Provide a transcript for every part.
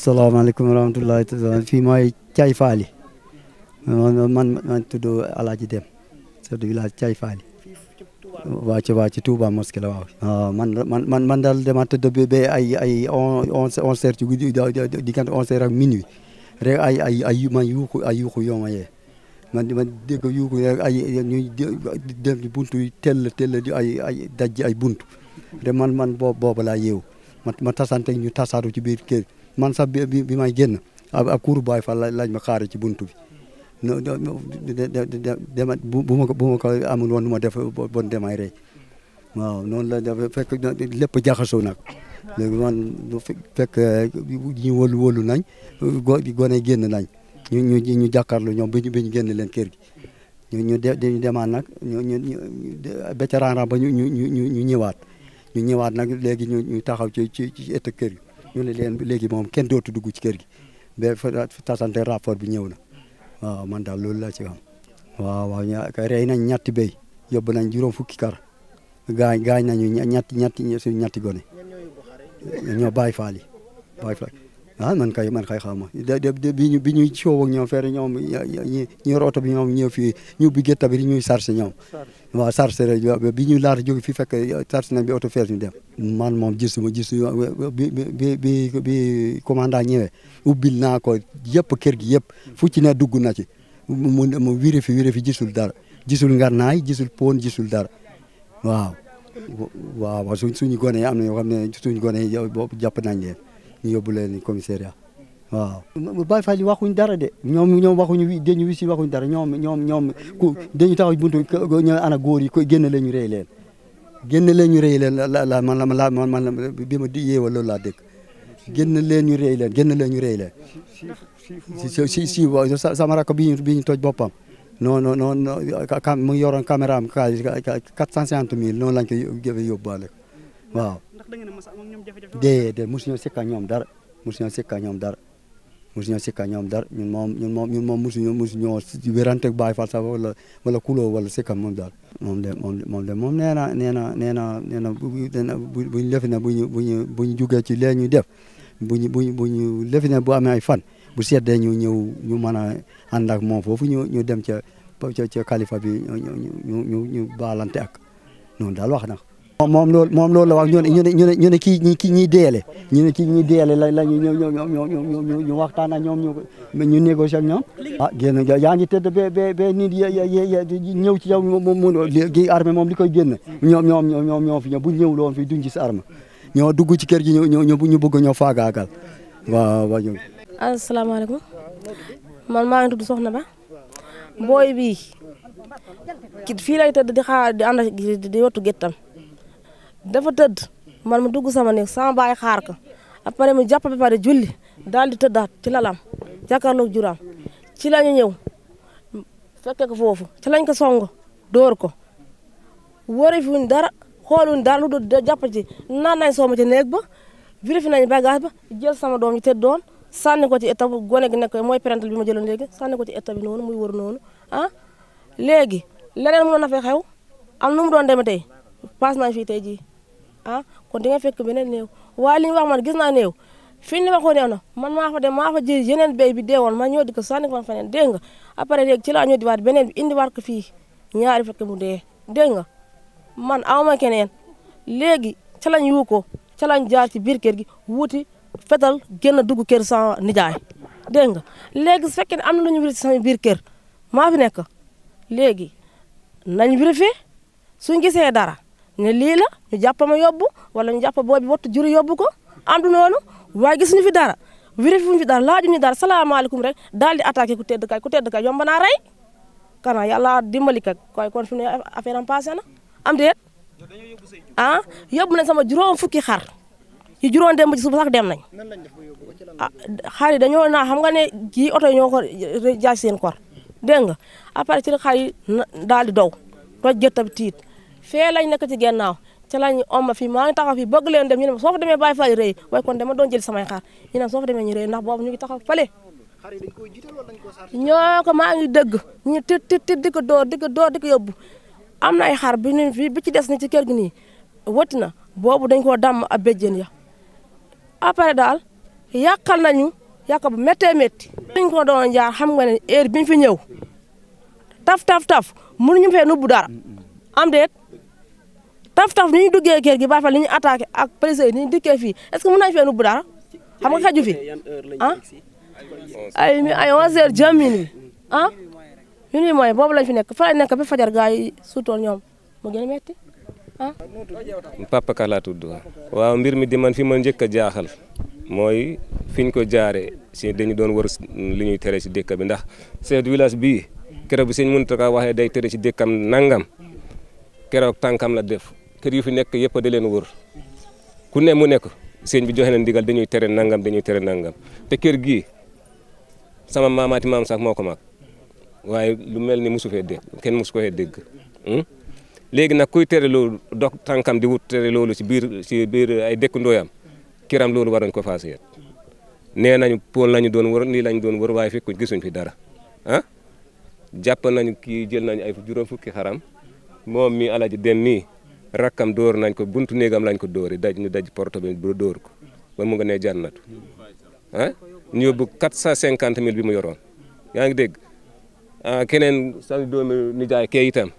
salaamaaleykum wa rahmatulah fii mooy cay Faly man man tudd Alaaji Dem chef de cay Thiaye Faly waa ci waa ci la waaw. waaw ah, man man man man daal dama tëdd ba ay ay onze onze heures ci guddi diggante onze heures ak minuit rek ay ay ay man yuuxu ay yuuxu ma yee man man dégg yuuxu rek ay ñuy dem buntu tell tell ay ay ay buntu rek man man boobu boobu laa yeewu ma ma tasante ñu tasaaru ci biir kër. man sax bi bi may génn ab ab kuuru Baay Faal laaj ma xaare ci buntu bi no dema bu ma ko bu ma ko amul woon nu ma def bon demay rey waaw noonu la def fekk lépp jaxasoo nag léegi man fekk ñu wolu wóolu nañ gone génn nañ ñu ñu ñu jàkkaarloo ñoom bi ñu génn leen kër gi ñu ñu ñu demaat nag ñu ñu ba ca raanraam ba ñu ñu ñu ñu ñëwaat ñu ñëwaat nag léegi ñu ñu taxaw ci ci ci ëtt kër gi ñu ne léegi moom kenn dootu dugg ci kër gi ba fa tasante rapport bi ñëw na waaw man daal loolu laa ci xam waaw waaw rey nañ ñetti béy yóbbu nañ juróom fukki kar gaañ gaañ nañu ñetti ñetti suñu ñetti gone ñoo bàyyi faal yi bàyyi ah man kay man kay xawma de bi bi ñuy coow ak ñoom feere rooto bi ñoom ñëw fii ñu bi gét tabiri ñuy sarse ñoom waaw sarse rek bi ñu laar jóge fi fekk sarse nañ bi oto fees ñu dem man moom gisuma gisuma bi bi bi bi commandant ñëwee ubbil naa ko yëpp kër gi yëpp fu ci ne dugg na ci mu mu wiri fi wiri fi gisul dara gisul ngarnaay gisul poon gisul dara waaw waaw suñ suñu gone yi am na yoo xam ne suñu gone yi boobu jàpp nañ leen ñu yóbbu leen commissariat waaw. Baye Fall yi waxuñ dara de ñoom ñoom waxuñ wi dañu wis waxuñ dara ñoom ñoom ñoom ku dañu taxaw buntu ñoom ana góor yi ko génn leen ñu rey leen génn leen ñu rey leen la la man la man man bi ma di yeewal loolu laa dëkk génn leen ñu rey leen génn leen ñu rey leen. si si si waaw sama rakk bi ñu bi ñu toj boppam. non non non mu ngi yoroon caméra am quatre cent cinquante mille noonu lañ koy yóbbaale waaw. da ngeen a mës a am ak ñoom jafe-jafe. déedéet dar sekk ak ñoom dara mosuñoo sekk ak ñoom dara mosuñoo sekk ak moom ñun moom ñun Baay Faal sax wala wala kuloo wala sekk ak moom daal. moom de moom de moom nee na nee na nee na nee na bu bu ñu bu ñu bu ñu bu jugee ci lee ñuy def bu ñu bu ñu bu ñu lefi ne bu amee ay fan bu seddee ñu ñëw ñu mën a ànd ak moom foofu ñu dem ca ca ca kalifa bi ñu ñu baalante ak noonu daal wax na moom loolu moom loolu la wax ñu ne ñu ne ñu ne ñu ne kii kii ñuy deele ñu ne kii ñuy deele la la ñu ñoom ñoom ñoom ñoom ñu waxtaan ak ñoom ñu ñu négocier ak ñoom. ah génn yaa ngi tëdd ba ba ba nit yi ñëw ci yow moom moom gi armée moom li koy génn. ñoom ñoom ñoom ñoo fi ñëw bu ñëwul woon fii duñ gis arme ñoo dugg ci kër gi ñu ñu ñu bëgg ñoo faagaagal waaw waaw. asalaamaaleykum man maa ngi tudd Soxna Ba booy bii fii lay tëdd di xaar di ànd di wattu géttam dafa tëdd man ma dugg sama néeg sama baay xaar ko après ma jàpp ba pare julli daal di tëddaat ci lalam jàkkaarloog juram ci la ñu ñëw fekke ko foofu ci lañ ko song dóor ko wóore fi wuñ dara xooluñ dara lu dul jàpp ci naan nañ sooma ci néeg ba vérifié nañ bagage ba jël sama doom yi tëddoon sànni ko ci étape gone gi nekk mooy parental bi ma jëloon léegi sànni ko ci étape bi noonu muy wër noonu ah leneen mo nafay fa xew am nu mu doon demee tey paas nañ fii tey jii ah kon di nga fekk beneen néew waaye li ñu wax man gis naa néew fi ñu waxoo néew na man maa fa dem maa fa jël yeneen béy bi deewoon ma ñëw di ko sànni fan feneen dégg nga après léegi ci laa ñëw di waat beneen bi indiwaat ko fii ñaari fekk bu dee dégg nga man aw ma keneen léegi ca lañ yu ko ca lañ jaar ci biir kër gi wuuti fetal génn dugg kër sa nijaay dégg léegi su am na lu ñu biir kër maa fi nekk léegi nañ vérifié suñ gisee dara ne lii la ñu jàpp ma yobbu wala ñu jàpp boobi wattu jur yóbbu ko am du noonu waaye gisuñu fi dara vérifié fi dara laajuñu dara salaamaaleykum rek daal di attaqué ku tedd kay ku tedd kay yomb naa rey kana yàlla dimbali kay koy kon fi mu am passé na am déet ah sama juróom fukki xar yi juróom dem ba ci suba sax dem nañ ah xar yi dañoo naa xam nga ne kii oto ñoo ko jaay seen kor dégg nga après ci xar yi daal di dow toj gët bi tiit fee lañ nekk ci gennaaw ca lañ omma fii maa ngi taxaw fii bëgg leen dem ñu ne soo fa demee bàyyi fay rëy waaye kon dama doon jël samay xar ñu ne soo fa demee ñu rëy ndax boobu ñu ngi taxaw fale ñoo ko maa ngi dëgg ñu tit tit tit door di door di ko yóbbu am na ay xar bi fi bi ci des ni ci kër gi ni wëtt na boobu dañ koo damm ab béjjén ya après daal yàqal nañu yàq bu méttee métti dañ ko doon jaar xam nga ne heure bi ñu fi ñëw taf taf taf mënuñu fee nubbu dara am taf taf ni duggé kër gi ba fa li ñu attaqué ak police ni ñu fi est ce que mën fi ñu nubbu dara xam nga xaju fi ah ay ay 11 heures jamini han ah ñu ni moy bobu lañ fi nek fa lañ nekk ba fajar gaay yi suutoon ñoom mu gën metti han ah. Papa kala tuddu waaw mbir mi di man fi ma njëkk jaaxal moy fiñ ko jaaré ci dañu doon wër li ñuy téré ci dëkk bi ndax chef village bi keroog bi sëñ Mountakha waxee day téré ci dëkkam nangam keroog tankam la def kër yu fi nekk yëpp da leen wër ku ne mu nekk sëñ bi joxe na ndigal dañuy tere nangam dañuy tere nangam te kër gi sama maamaati maam sax moo ko mag waaye lu mel ni mosu fee dégg kenn mosu ko fee dégg hmm? léegi nag kuy tere loolu dox tànkam di wut tere loolu si biir si biir ay dëkk ndooyam kiram loolu war nañ ko faas yet nee nañu pool lañu doon wër nii lañu doon wër waaye fekk gisuñ fi dara ah jàpp nañu kii jël nañu ay juróom fukki xaram moom mi alaji dem mii rakkam dóor nañ ko buntu néegam lañ ko dóori daj ñu daj porte bi ba dóor ko ba mu nga nee jànnatu ah ñu yóbbu quatre cent cinquante mille bi mu yoroon yaa ngi dégg ah keneen sama doomi nijaay kee itam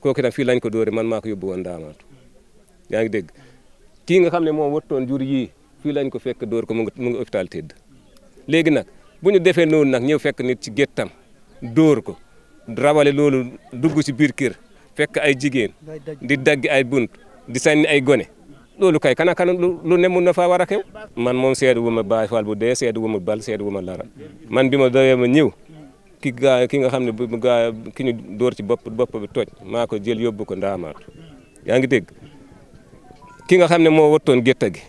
kooku itam fii lañ ko dóori man maa ko yóbbu woon ndaamaatu yaa ngi dégg kii nga xam ne moom wattoon jur yi fii lañ ko fekk dóor ko mu ngi mu ngi hôpital tëdd léegi nag bu ñu defee noonu nag ñëw fekk nit ci géttam dóor ko rabale loolu dugg si biir kër fekk ay jigéen di dagg ay bunt di sànni ay gone loolu kay kana kana lu lu ne mun na faa war a man moom seedu wu ma Baay Faal bu de seedu wu ma bal seedu wu ma lara man bi ma doyee ma ñëw ki gaa ki nga xam ne bu gaa ki ñu dóor ci bopp bopp bi toj maa ko jël yóbbu ko yaa ngi dégg ki nga xam ne moo wattoon gerte gi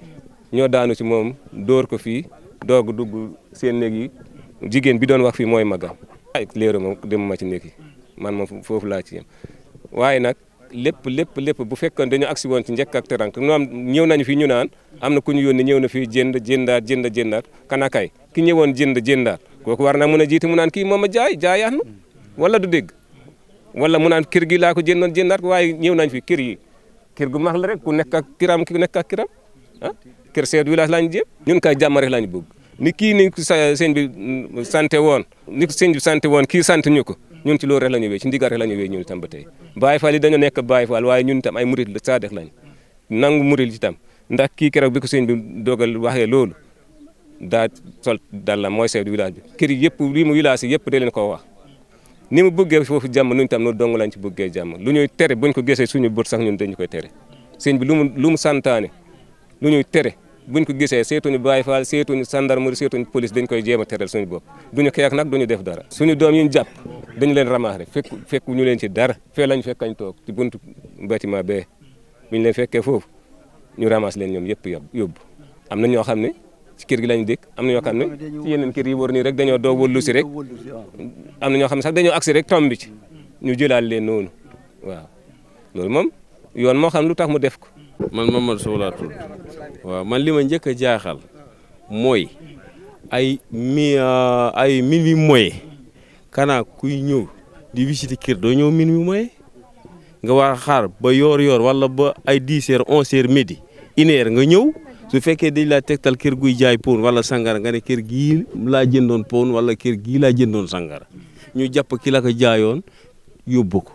ñoo daanu ci moom dóor ko fii doog dugg seen néeg yi jigéen bi doon wax fii mooy magam ay léeru mo dem ma ci néeg man moom foofu laa ci yem waaye nag lépp lépp lépp bu fekkoon dañu agsi woon ci njëkk ak tërank ñoom ñëw nañu fi ñu naan am na ku ñu yónni ñëw na fi jënd jëndaat jënd jëndaat kanakaay ki ñëwoon jënd jëndaat kooku war naa mën a jiite mu naan kii moom a jaay jaayaat na wala du dégg wala mu naan kër gi laa ko jëndoon jëndaat waaye ñëw nañ fi kër yi kër gu mag la rek ku nekk ak kiram ku nekk ak kiram ah kër seet village ñu jéem ñun kay jàmm rek laa ñu bëgg ni kii ni sëñ bi sante woon ni sëñ sante woon kii sant ñu ko ñun ci loore la ñu wéy ci ndigal rek la ñu wéy ñun itam ba tey Baye Fall yi dañoo nekk Baye Fall waaye ñun itam ay murid la saadix lañ nangu murid itam ndax kii keroog bi ko sëñ bi dogal waxee loolu daa sol dal la mooy chef du village bi kër yëpp lii mu village yi yëpp da leen koo wax ni mu bëggee foofu jàmm ñun itam noonu dong lañ ci bëggee jàmm lu ñuy tere buñ ko gisee suñu bët sax ñun dañu koy tere sëñ bi lu mu lu mu santaane lu ñuy tere bu buñ ko gisee seetuñu Baye Fall seetuñu gendarmerie seetuñu police dañ koy jéem a teral suñu bopp duñu xeex nag ñu def dara suñu doom yi ñu jàpp dañu leen ramax rek fekk fekk ñu leen ci dara fee lañ fekk kañ toog ci buntu bâtiment bee buñ leen fekkee foofu ñu ramas leen ñoom yëpp yóbbu am na ñoo xam ne ci kër gi lañ dëkk am na ñoo xam ne ci yeneen yi wër nii rek dañoo doo wëllu si rek am na ñoo xam ne sax dañoo agsi rek tombi ci ñu jëlaal leen noonu waaw loolu moom yoon moo xam lu tax mu def ko man Mamadou Sow laa tudd waaw man li ma njëkk a jaaxal mooy ay mi euh, ay min mi moye kana kuy ñëw di visiter kër doo ñëw min mi moye nga war a xaar ba yoor yoor wala ba ay dix heures onze heures midi une nga ñëw su fekke dañ laa tegtal kër guy jaay poon wala sangara nga ne kër gii laa jëndoon poon wala kër gii laa jëndoon sangara ñu jàpp ki la jaayoon yóbbu ko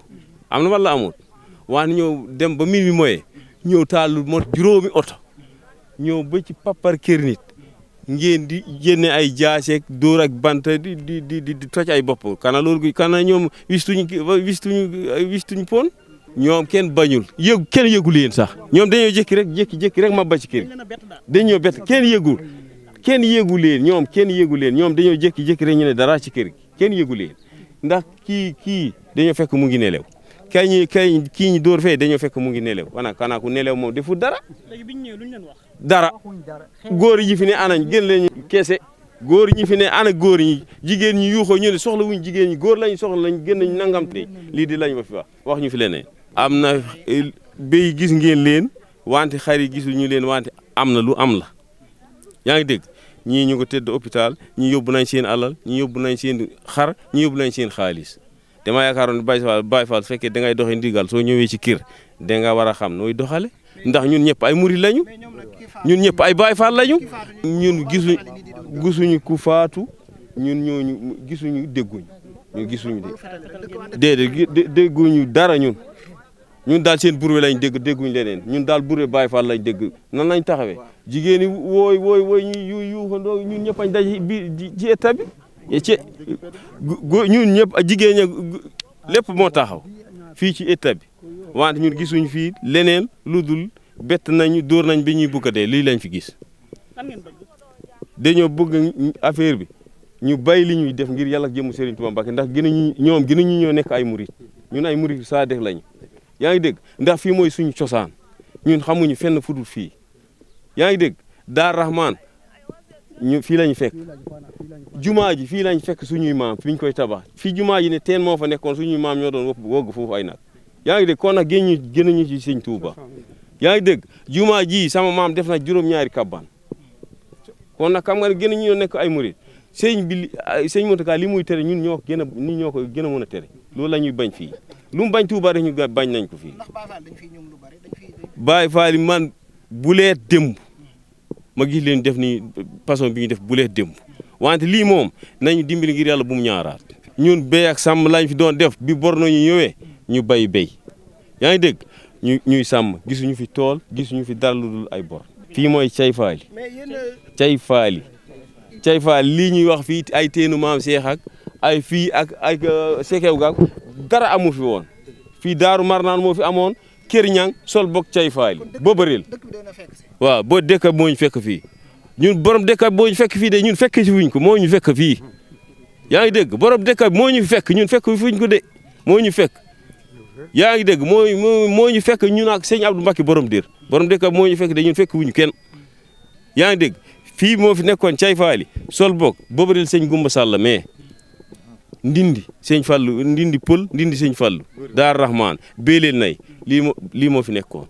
am na wala amut dem ba min mi moye ñëw taalu mot juróomi oto ñëw ba ci papar kër nit ngeen di génne ay jaaseeg dóor ak bant di di di di toj ay bopp kana loolu kana ñoom wistuñu wistuñu wistuñu poon ñoom kenn bañul yëg kenn yëgu leen sax ñoom dañoo jékki rek jekki jékki rek ma ba ci kër dañoo bett kenn yëgul kenn yëgu leen ñoom kenn yëgu leen ñoom dañoo jékki-jékki rek ñu ne dara ci kër gi kenn yëgu leen ndax kii kii dañoo fekk mu ngi nelew kay ñi kay kii ñu dóor fee fekk mu ngi nelew wana kana ku nelew moom defu dara léegi biñ ñëw leen wax dara góor yi fi ne anañ gën leen kese góor ñi fi ne ana góor ñi jigéen ñi yuuxoo ñu soxla wuñ jigéen ñi góor lañ soxla lañ gën nañ nangam de lii di lañ ma wax wax ñu fi leneen am na eh, béy gis ngeen leen wante xar yi gisuñu leen wante am na lu am la yaa ngi dégg ñii ñu ko tedd hôpital ñi yóbbu nañ seen alal ñi yóbbu nañ seen xar ñi yóbbu nañ seen xaalis dama yaakaaroon Baye Fall Baye Fall fekkee da ngay doxee ndigal soo ñëwee ci kër da nga war a xam nooy doxale ndax ñun ñëpp ay murid lañu ñun ñëpp ay Baay Faal lañu. ñun gisuñ gisuñu ku faatu ñun ñooñu gisuñu dégguñu ñun gisuñu dégg dara ñun ñun daal seen burwe lañ dégg dégguñu leneen ñun daal burwe Baay Faal lañ dégg nan lañ taxawe jigéen ñi wooy wooy wooy ñun ñëpp añ daj bi ci état bi eh, ñun ñëpp jigéen ña lépp moo taxaw fii ci état bi wante ñun gisuñu fii leneen lu dul bett nañu dóor nañ bi ñuy bugg a dee lii lañ fi gis dañoo bëgg affaire bi ñu bàyyi li ñuy def ngir yàlla jëmu Serigne Touba Mbacké ndax gënuñu ñoom gënuñu ñoo nekk ay murit ñun ay murit saa def lañu yaa ngi dégg ndax fii mooy suñu cosaan ñun xamuñu fenn fudul fii yaa ngi dégg Daar Rahman ñu fii lañu fekk jumaa ji fii lañ fekk suñuy maam fi ñu koy tabax fii jumaa ji ne teen moo fa nekkoon suñuy maam ñoo doon wogg foofu ay nag yaa ngi dégg kon nag gén ñu gën ñu ci Serigne Touba yaa ngi dégg jumaa ji sama maam def na juróom-ñaari kabbaan kon nag xam nga ne gën a nekk ay murid sëñ bi sëñ Mountakha li muy tere ñun ñoo gën a ñun ñoo ko gën a mën tere loolu la bañ fii lu mu bañ Tuuba rek ñu bañ nañ ko fii Baay Faal man bulee démb ma leen def ni façon bi ñu def bulee démb wante lii moom nañu dimbali ngir yàlla bu mu ñaaraat ñun béy ak sàmm lañ fi doon def bi bor nañu ñëwee ñu bay béy yaa ngi dégg ñu ñuy sàmm gisuñu fi tool gisuñu fi dara lu dul ay bor fii mooy cay faali cay faali cay faali lii ñuy wax fii ay teenu maam seex ak ay fii ak ay euh, sekew gaak dara amu fi woon fii daaru marnaan moo fi amoon kër ñang sol bokk cay faali ba bëril waaw boo dëkk moo ñu fekk fii ñun borom dëkk moo fekk fii de ñun fekk si wuñ ko moo ñu fekk fii yaa ngi dégg borom dëkk moo ñu fekk ñun fekk ñu ko de moo ñu fekk yaa ngi dégg moo moo ñu fekk ñun ak sëñ Abdou Mbacke borom diir borom diir ka moo ñu fekk dañu fekk wuñu kenn yaa ngi dégg fii moo fi nekkoon cay faali sol boog boobaril sëñ Gumba Sall mais ndindi sëñ Fallu ndindi pël ndindi sëñ Fallu daar Rahman béeleel nay lii moo lii moo fi nekkoon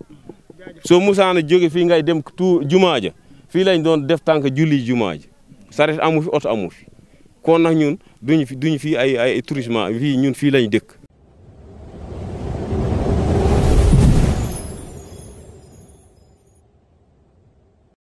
soo musaana jóge fii ngay dem tout jumaa ja fii lañ doon def tànk julli jumaa ja saret amu fi oto amu fi kon nag ñun duñu fi duñu fii ay ay tourisme fii ñun fii lañ dëkk